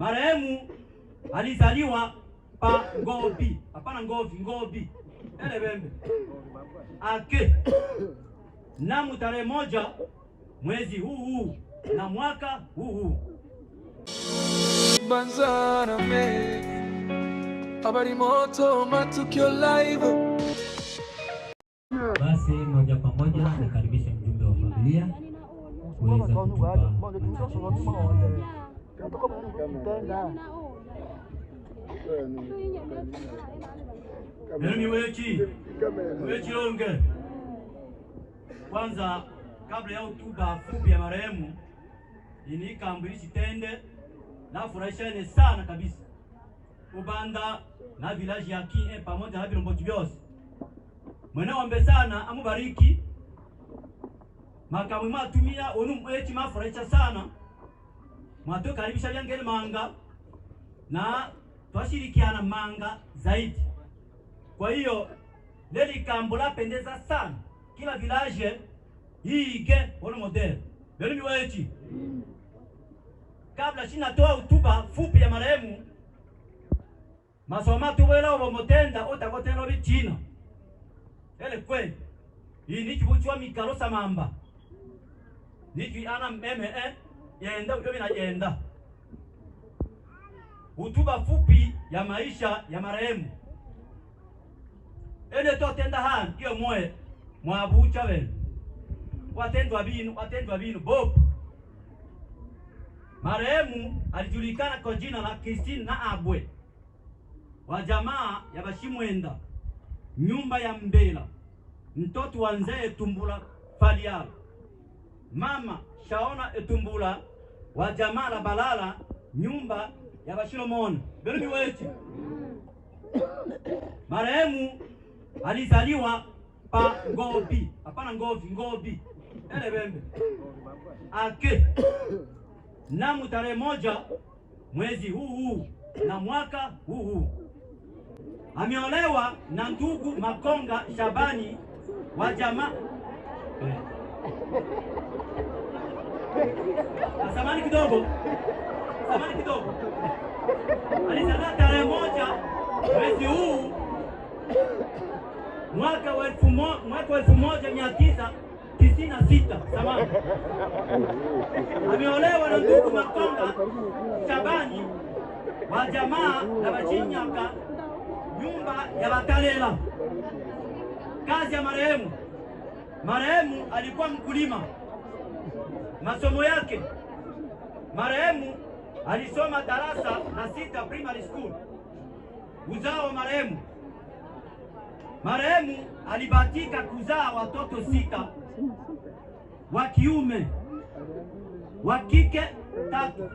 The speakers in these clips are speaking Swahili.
Marehemu alizaliwa pa Ngobi, hapana Ngovi, Ngobi ele bembe ake namu tarehe moja mwezi huu huu na mwaka huu huu. me habari moto, matukio live. Basi moja kwa moja nikaribisha mjumbe wa familia kuweza kutupa mimi weki weki longe kwanza, kabla ya hotuba fupi ya marehemu inikambwili chitende nafurahishane sana kabisa Ubanda na village ya Kie pamoja na vilomboji vyose, mwene wombe sana amubariki makamwi matumia onu mweki mafurahisha sana mwatukaribisha vyangeli manga na twashirikiana manga zaidi. Kwa hiyo leli kambo lapendeza sana, kila village yiige ono modele belumi Kabla shinatoa hutuba fupi ya marehemu masoma tuwela obomotenda otakotenda obi china ele kweli iyi nichibuchwa mikalo samamba nichi ana meme eh genda vina binagenda. Hutuba fupi ya maisha ya marehemu ene totenda hanu iyo moye mwabucha wenu watendwa binu watendwa binu bopu. Marehemu alijulikana kwa jina la na abwe wa jamaa ya Bashimwenda, nyumba ya Mbela, mtoto wa Nzee Tumbula Faliala. Mama Shaona Etumbula wa jamala la Balala nyumba ya Bashilomoni belumi wetu. Marehemu alizaliwa pa Ngobi, hapana Ngovi, Ngobi ele bembe ake namu tarehe moja mwezi huu huu na mwaka huu huu. Ameolewa na ndugu Makonga Shabani wa jamaa Samani kidogo, samani kidogo, alizaliwa tarehe moja mwezi huu mwaka wa elfu moja mia tisa tisini na sita. Samani ameolewa na ndugu Makonga Shabani wa jamaa na Wachinyaka, nyumba ya Watalela, kazi ya marehemu Marehemu alikuwa mkulima, masomo yake marehemu alisoma darasa la sita primary school. Uzao wa marehemu, marehemu alibahatika kuzaa watoto sita wa kiume, wa kike tatu.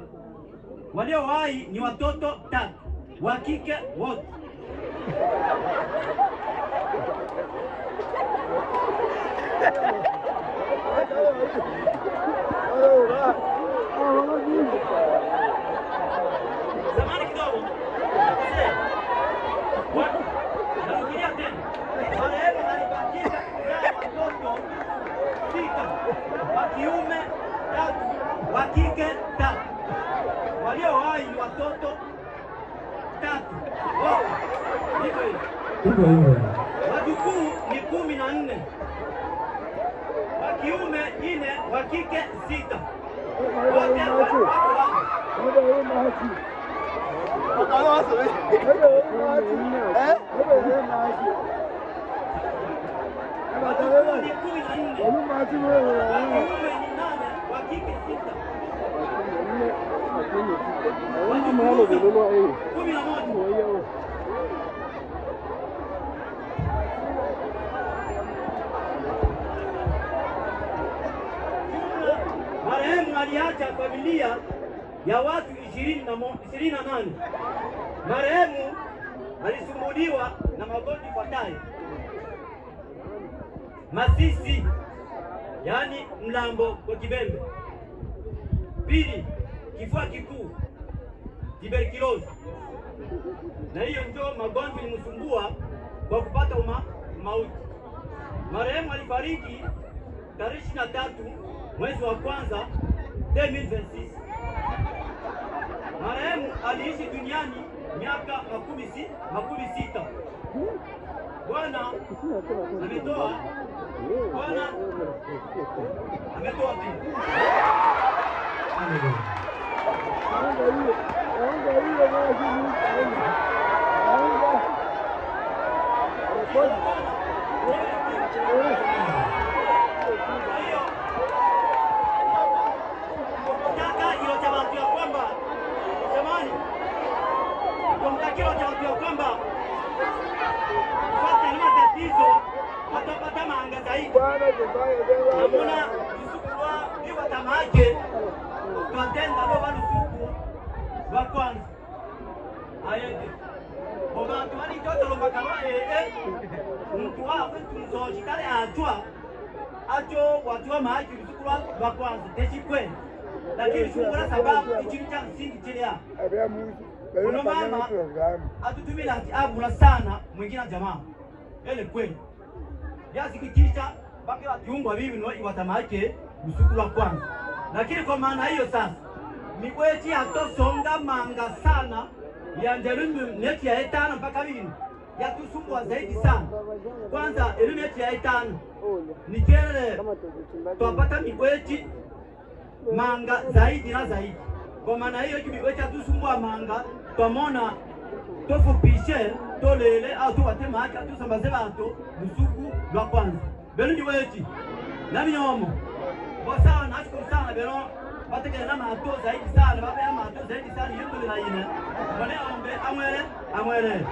Walio hai ni watoto tatu wa kike wote. Zamani kidogo narudia walio hai watoto wajukuu ni kumi na nne. kiume nne, wa kike sita, wote ni kumi na nne, wa kiume ni nane, wa kike sita, kumi na moja. aliacha familia ya watu ishirini na nane. Marehemu alisumbuliwa na magonjwa ifuatayo: masisi, yaani mlambo kwa kibembe; pili, kifua kikuu, tuberculosis. Na hiyo ndio magonjwa ilimsumbua kwa kupata uma, mauti. Marehemu alifariki tarehe ishirini na tatu mwezi wa kwanza 2026. Marehemu aliishi duniani miaka makumi sita. Bwana ametoa Bwana ametoa amuna izukulwa iwatamake twatenda vo valusuku lwa kwanza ayete obantu valitotolongwaka lwaele eh? muntu wawe watiwa maaki lusuku lwa kwanza lakini shungula sababu ichili cha msingi mama atutumila ati abula sana mwingine jamaa ele kweli yasikitisha mpaka wakiungwa vivi no iwatamake lusuku kwanza. Lakini kwa maana hiyo sasa migweti atosonga manga sana yanja elimu yetu ya etano mpaka vivino yatusumbua zaidi sana. Kwanza elimu yetu ya etano ni kelele, twapata migweti manga zaidi na zaidi. Kwa maana hiyo migweti atusumbwa manga, twamona tofupishe tolele awo tuwatemaki awo tusambaze bantu lusuku lwa kwanza belungi bweki na binyomo bosawa nashukuru sana belo batekele na mato zaidi sana babea mato zaidi sana yumbuli na yine bone ombe amwele amwelele